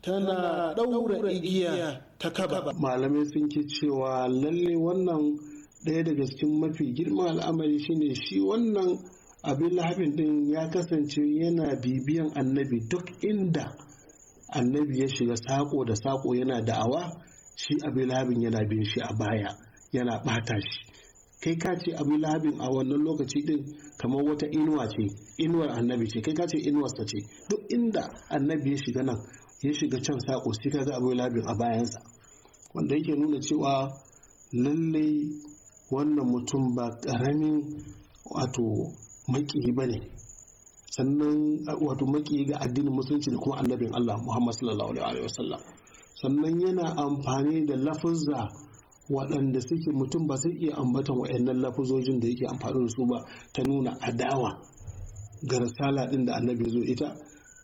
tana ɗaura igiya ta kaba. Malamai sun ke cewa lalle wannan ɗaya daga cikin mafi girman al'amari shine shi wannan abin lahabin ɗin ya kasance yana bibiyan annabi duk inda annabi ya shiga sako da saƙo yana da'awa shi abin lahabin yana bin shi a baya yana ɓata shi. kai ka ce abin lahabin a wannan lokaci din kamar wata inuwa ce inuwar annabi ce kai ka ce inuwarsa ce duk inda annabi ya shiga nan ya shiga can saƙo, sai kaga abu labin a bayansa wanda yake nuna cewa lallai wannan mutum ba ƙaramin wato maƙiyi ba ne sannan wato maƙiyi ga addinin musulunci da kuma annabin Allah Muhammad sallallahu alaihi wasallam sannan yana amfani da lafuzza waɗanda suke mutum ba zai iya ambatan waɗannan lafuzojin da yake amfani da su ba ta nuna adawa ga risala ɗin da annabi zo ita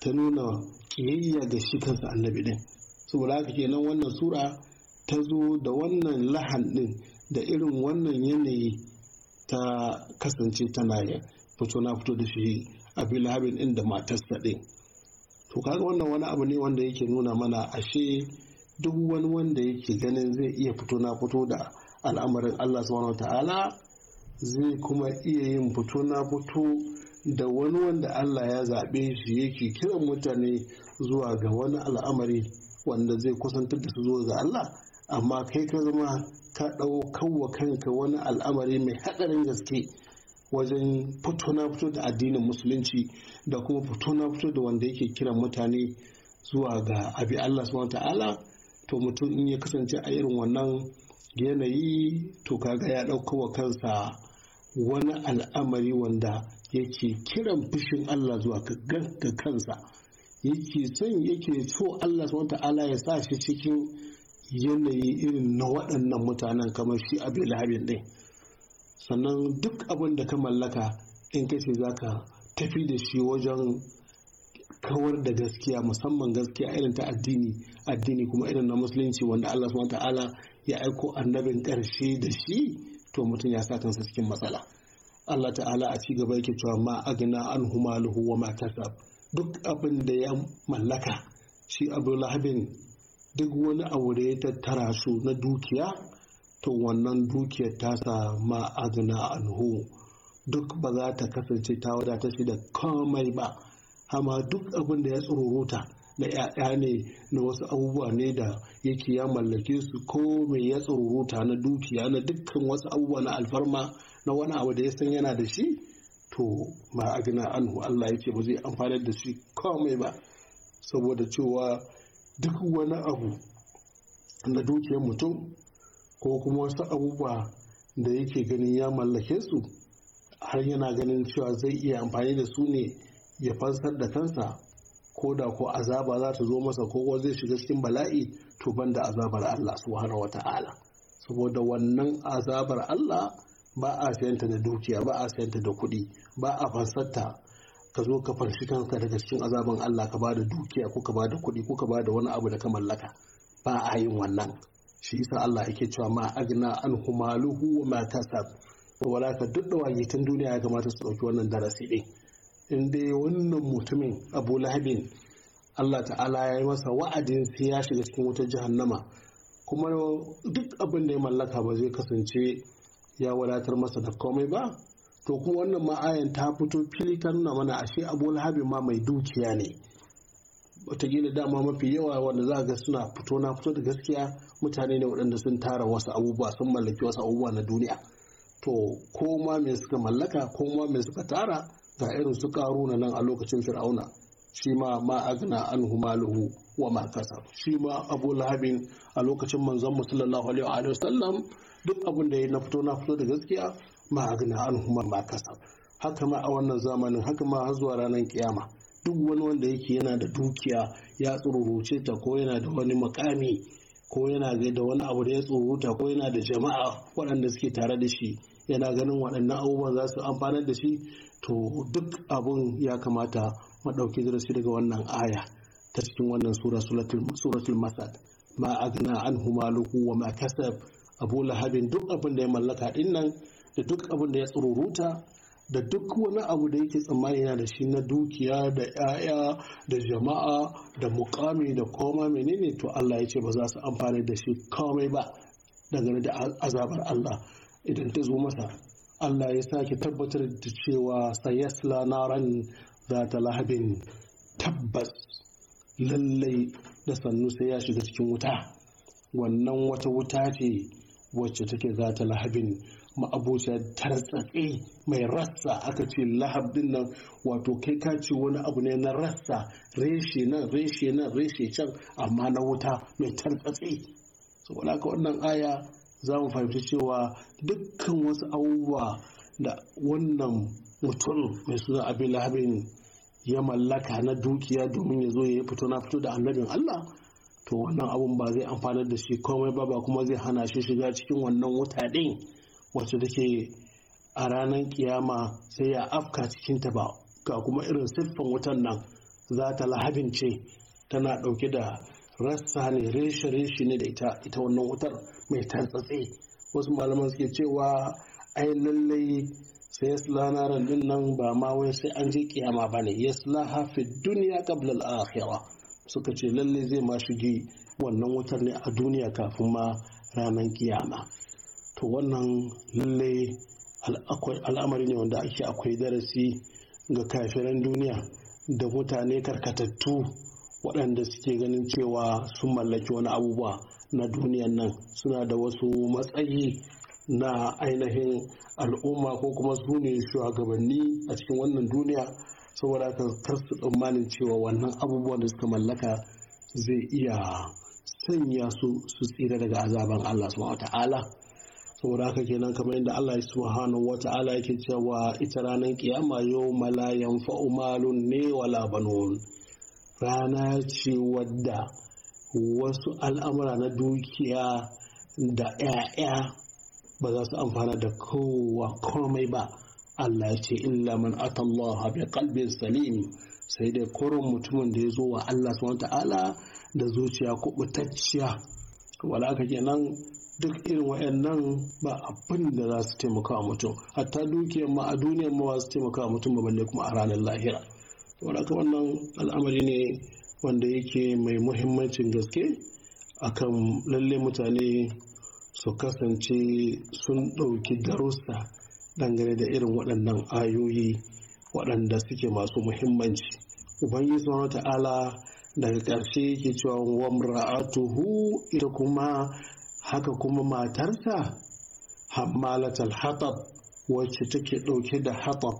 ta nuna ƙiyayya ga shi kansa annabi din saboda haka kenan wannan sura ta zo da wannan lahan din da irin wannan yanayi ta kasance tana ya fito na fito da shi a filhabin din da matarsa din to kaga wannan wani abu ne wanda yake nuna mana ashe duk wani wanda yake ganin zai iya fito na fito da al'amarin Allah subhanahu ta'ala zai kuma iya yin fito na fito da wani wanda Allah ya zaɓe shi yake kiran mutane zuwa ga wani al'amari wanda zai kusantar da su zuwa ga Allah amma kai ka zama ka ɗau wa kanka wani al'amari mai haɗarin gaske wajen fito na fito da addinin musulunci da kuma fito na fito da wanda yake kiran mutane zuwa ga abi Allah subhanahu ta'ala to mutum in ya kasance a irin wannan yanayi to kaga ya ɗauka wa kansa wani al'amari wanda yake kiran fushin Allah zuwa ga kansa yake son yake so Allah subhanahu ya sa shi cikin yanayi irin na waɗannan mutanen kamar shi a bilhabin ɗin sannan duk abin da ka mallaka in kace za ka tafi da shi wajen kawar da gaskiya musamman gaskiya irin ta addini addini kuma irin na musulunci wanda Allah Ala ya aiko annabin ƙarshe da shi to mutum ya sa kansa cikin matsala Allah ta'ala a ci gaba yake cewa ma agna an humaluhu wa ma kasab duk abin da ya mallaka shi abdullahabin duk wani aure ya tattara su na dukiya to wannan dukiyar tasa ma agna anhu duk ba za ta kasance ta wadata shi da komai ba amma duk abin da ya tsururuta na 'ya'ya ne na wasu abubuwa ne da yake ya mallake su ko mai ya ta na dukiya na dukkan wasu abubuwa na alfarma na wani abu da ya san yana da shi to ma agna anhu Allah yake ba zai amfanar da shi komai ba saboda cewa duk wani abu na dukiyar mutum ko kuma wasu abubuwa da yake ganin ya mallake su har yana ganin cewa zai iya amfani da su ne ya fansar da kansa ko da ko azaba za ta zo masa ko zai shiga cikin bala'i to ban da azabar Allah subhanahu wata'ala saboda wannan azabar Allah ba a sayanta da dukiya ba a sayanta da kuɗi ba a fansarta ka zo ka fanshi kanka daga cikin azaban Allah ka da dukiya ko ka da kuɗi ko ka da wani abu da ka mallaka ba a yin wannan shi yasa Allah yake cewa ma agna an humaluhu wa ma kasab wala duk da duniya ya kamata su ɗauki wannan darasi ɗin in dai wannan mutumin Abu Lahabin Allah ta'ala ya yi masa wa'adin sai ya shiga cikin wutar jahannama kuma duk abin da ya mallaka ba zai kasance ya wadatar masa da komai ba to kuma wannan ma'ayan ta fito fili ta nuna mana ashe abu lahabin ma mai dukiya ne wataƙila dama mafi yawa wanda za a ga suna fito na fito da gaskiya mutane ne waɗanda sun tara wasu abubuwa sun mallaki wasu abubuwa na duniya to ko ma me suka mallaka ko ma me suka tara ga irin su karu na nan a lokacin fir'auna shi ma ma agna an humaluhu wa ma kasab shi ma abu lahabin a lokacin manzon sallallahu alaihi wa sallam duk abin da ya na fito na fito da gaskiya ma gina an kuma ma kasa haka ma a wannan zamanin haka ma har zuwa ranar kiyama duk wani wanda yake yana da dukiya ya tsururuce ta ko yana da wani makami ko yana da wani abu da ya tsuruta ko yana da jama'a waɗanda suke tare da shi yana ganin waɗannan abubuwan za su amfanar da shi to duk abun ya kamata maɗauki darasi daga wannan aya ta cikin wannan suratul masad ma agna anhu maluhu wa ma kasab abu lahabin duk abin da ya mallaka din nan da duk abin da ya tsururuta da duk wani abu da yake tsammani yana da shi na dukiya da 'ya'ya da jama'a da mukami da koma menene to Allah ya ce ba za su amfani da shi komai ba dangane da azabar Allah idan ta zo masa Allah ya sake tabbatar da cewa sayasla naran za ta lahabin tabbas lallai da sannu sai ya shiga cikin wuta wannan wata wuta ce wacce take za ta lahabin ma'abuciya tartsatse mai rassa aka ce lahab nan wato kai ka ce wani abu ne na rassa reshe nan reshe nan reshe can amma na wuta mai tartsatse saboda haka wannan aya za mu fahimci cewa dukkan wasu abubuwa da wannan mutum mai suna abin lahabin ya mallaka na dukiya domin ya zo ya fito na fito da annabin Allah to wannan abun ba zai amfanar da shi komai ba ba kuma zai hana shi shiga cikin wannan wuta din? wacce take a ranar kiyama sai ya afka cikin ta ba ga kuma irin siffan wutan nan za ta lahabin ce tana ɗauke da rassa ne reshe reshe ne da ita ita wannan wutar mai tantsatse wasu malaman suke cewa ai lallai sai yasla ran din nan ba ma wai sai an je kiyama ba ne yasla hafi duniya qabla al-akhirah suka ce lalle zai ma shige wannan wutar ne a duniya kafin ma ranar kiyama to wannan lalle al'amari ne wanda ake akwai darasi ga kafiran duniya da mutane karkatattu waɗanda suke ganin cewa sun mallaki wani abubuwa na duniyan nan suna da wasu matsayi na ainihin al'umma ko kuma su ne shugabanni a cikin wannan duniya saboda haka kar su tsammanin cewa wannan abubuwan da suka mallaka zai iya sanya su su tsira daga azaban Allah subhanahu wata'ala saboda haka kenan kamar yadda Allah subhanahu wata'ala yake cewa ita ranar kiyama yau malayan fa'umalun ne wala banun rana ce wadda wasu al'amura na dukiya da 'ya'ya ba za su amfana da kowa komai ba Allah ya ce illa man Allah bi qalbin salim sai dai koron mutumin da ya zo wa Allah subhanahu ta'ala da zuciya kubutacciya walaka kenan duk irin wayannan ba abin da za su taimaka wa mutum hatta dukiyar ma a duniyar ma su taimaka wa mutum ba balle kuma a ranar lahira Wala ka wannan al'amari ne wanda yake mai muhimmancin gaske akan lalle mutane su kasance sun ɗauki darussa dangane da irin waɗannan ayoyi waɗanda suke masu muhimmanci ubangiji wata ta'ala daga ƙarshe yake cewa wamra'atuhu ita kuma haka kuma matarsa hammalatal hatab wacce take ɗauke da hatab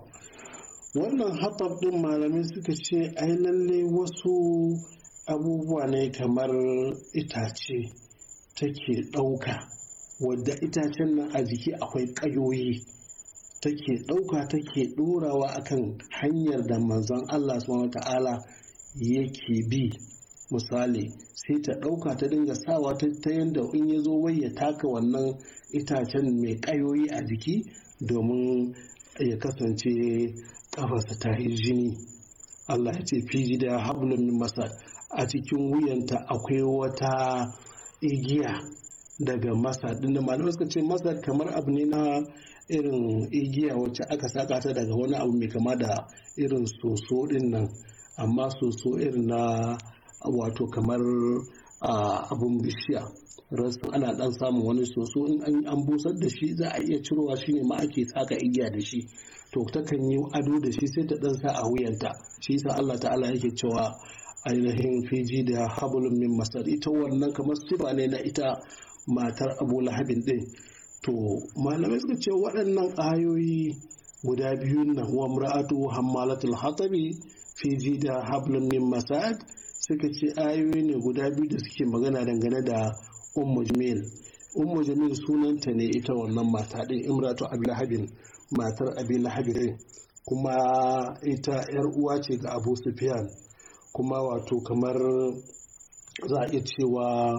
wannan hatab ɗin malamai suka ce ai wasu abubuwa ne kamar itace take ɗauka wadda itacen nan a jiki akwai ƙayoyi take ɗauka take ɗorawa akan hanyar da manzon Allah subhanahu ta'ala yake bi misali sai ta ɗauka ta dinga sawa ta ta yadda in ya zo wai ya taka wannan itacen mai ƙayoyi a jiki domin ya kasance ƙafarsa ta yi jini Allah ya ce fi da hablun min masar a cikin wuyanta akwai wata igiya daga masa din da malamai suka ce masa kamar abu ne na irin igiya wacce aka saka ta daga wani abu mai kama da irin soso din nan amma soso irin na wato kamar abun bishiya rasu ana dan samun wani soso in an busar da shi za a iya cirowa shi ma ake tsaka igiya da shi to takan yi ado da shi sai ta dan sa a wuyanta shi sa Allah ta'ala yake cewa ainihin fiji da habulun min masar ita wannan kamar sifa ne na ita matar abu lahabin ɗin to malamai suka ce waɗannan ayoyi guda biyu na wa mura'atu hammalatul hatabi fi jida hablum min masad suka ce ayoyi ne guda biyu da suke magana dangane da ummu jamil ummu jamil sunanta ne ita wannan mata din imratu ablahabin matar abilahabin kuma ita yar uwa ce ga abu sufiyan kuma wato kamar za a iya cewa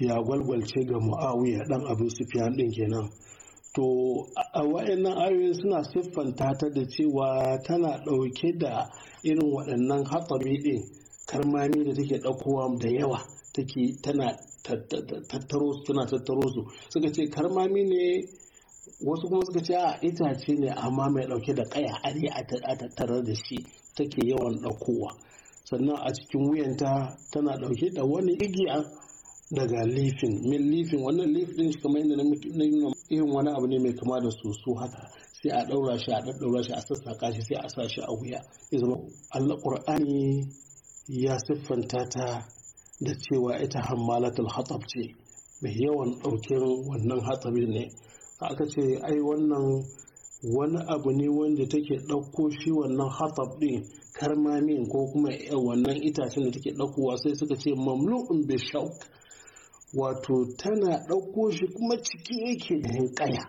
ya gwalgwalce ga mu'awiya dan abu sufiyan din kenan to a wayannan ayoyin suna siffanta ta da cewa tana ɗauke da irin waɗannan hatsari ɗin karmami da take ɗaukowa da yawa take tana tattaro su tana tattaro su suka ce karmami ne wasu kuma suka ce a itace ne amma mai ɗauke da ƙaya are a tattare da shi take yawan ɗaukowa sannan a cikin wuyanta tana ɗauke da wani igiya daga lifin min lifin wannan lifin shi kamar yadda na nuna irin wani abu ne mai kama da soso haka sai a ɗaura shi a ɗaɗɗaura shi a sassaƙa shi sai a sa shi a wuya ya zama Allah Qur'ani ya siffanta ta da cewa ita hammalatul hatsab ce mai yawan ɗaukin wannan hatabi ne aka ce ai wannan wani abu ne wanda take ɗauko shi wannan hatsab ɗin karmamin ko kuma eh, wannan itacen da take ɗaukowa sai suka ce mamlu'un bi shauk wato tana ɗauko shi kuma ciki yake da kaya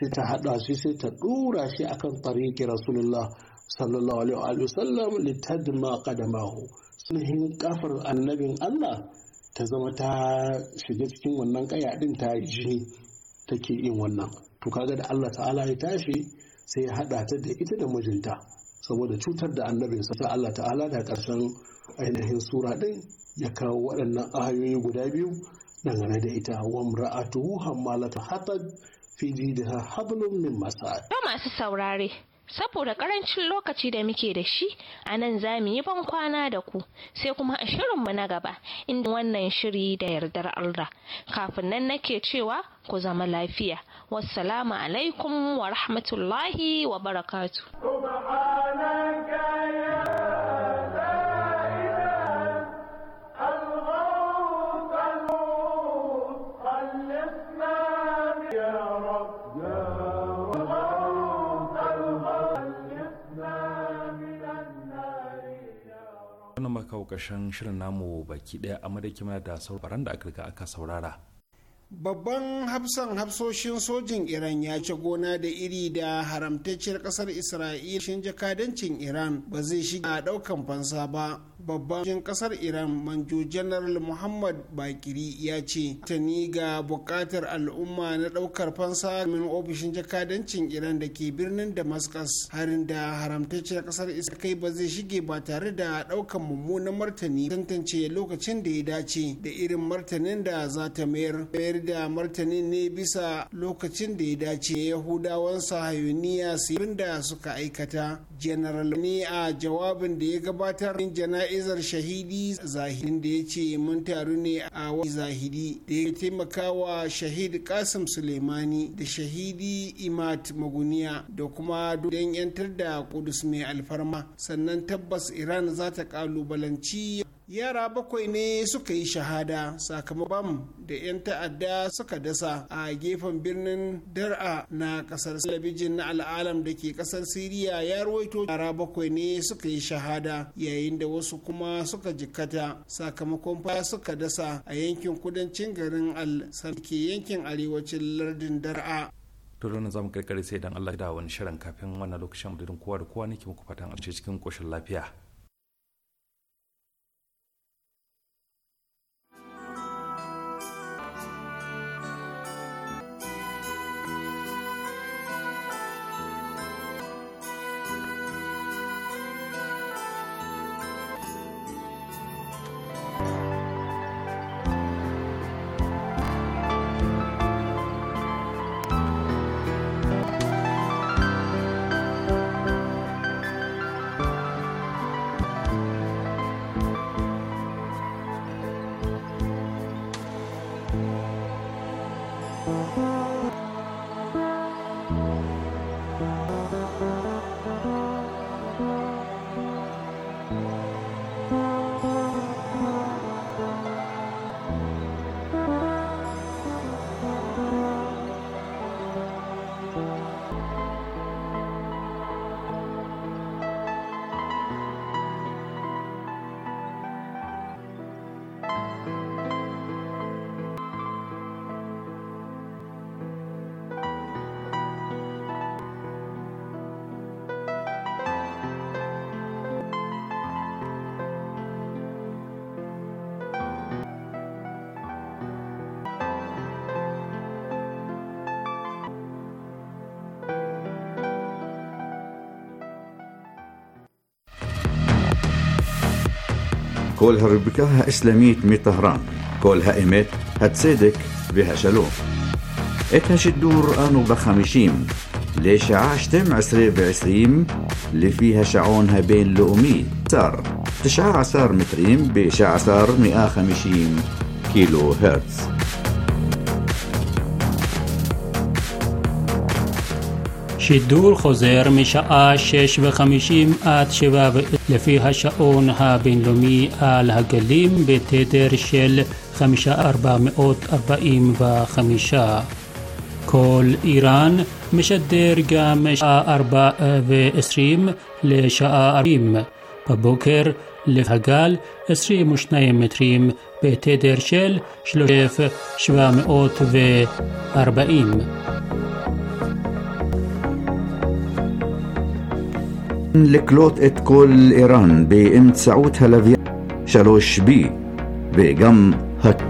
sai ta haɗa shi sai ta ɗora shi akan tariki rasulullah sallallahu alaihi wa sallam litadma qadamahu sulhin kafar annabin Allah ta zama ta shiga cikin wannan kaya din ta jini take yin wannan to kaga da Allah ta'ala ya tashi sai ya hada ta da ita da mijinta saboda cutar da annabinsa sai Allah ta'ala da karshen ainihin sura din ya kawo waɗannan ahayoyi guda biyu dangane da ita wa ra'atuhu hammalatu hatab fi jidha hablum min masad ba masu saurare saboda karancin lokaci da muke da shi a nan za mu yi ban kwana da ku sai kuma a shirinmu na gaba inda wannan shiri da yardar Allah kafin nan nake cewa ku zama lafiya wassalamu alaikum wa rahmatullahi wa barakatu. ƙarshen shirin namu baki ɗaya a madaki mana da sauran da aka riga aka saurara babban hafsan hafsoshin sojin iran ya ce gona da iri da haramtacciyar kasar isra'ila shin jakadancin iran ba zai shiga daukan fansa ba babban jin kasar iran manjo general muhammad bakiri ya ce tani ga bukatar al'umma na daukar fansa min ofishin jakadancin iran da ke birnin damascus harin da haramtacciyar kasar isra'ila ba zai shige ba tare da daukan mummunan martani tantance lokacin da ya dace da irin martanin da za ta mayar mayar da martani ne bisa lokacin da ya dace yahudawan sahayuniya su yi da suka aikata general ne a jawabin da ya gabatar in jana'izar shahidi zahidin da ya ce mun taru ne a wani zahidi da ya taimaka wa shahid kasim suleimani da shahidi imat maguniya da kuma don yantar da kudus mai alfarma sannan tabbas iran za ta kalubalanci yara bakwai ne suka yi shahada sakamakon da 'yan ta'adda suka dasa a gefen birnin dar'a na kasar talabijin na al'alam da ke kasar siriya ya ruwaito yara bakwai ne suka yi shahada yayin da wasu kuma suka jikkata sakamakon fa suka dasa a yankin kudancin garin al ke yankin arewacin lardin dar'a to na zamu karkare sai dan Allah da wani shirin kafin wannan lokacin da kowa da kowa nake muku fatan a cikin koshin lafiya كلها ربكاها إسلامية من طهران كلها إيمت هتصدق بها شلوم إتها شدور أنو بخمشيم ليش عاشتم عسري بعسريم اللي فيها شعونها بين لؤمي صار تشعى عسار متريم بشعى عسار مئة خمشيم كيلو هرتز שידור חוזר משעה וחמישים עד שבע לפי השעון הבינלאומי על הגלים בתדר של מאות וחמישה. כל איראן משדר גם שעה ארבע ו לשעה ארבעים. בבוקר להגל 22 מטרים בתדר של 3,740. לקלוט את כל איראן באמצעות הלוויין 3B וגם ה...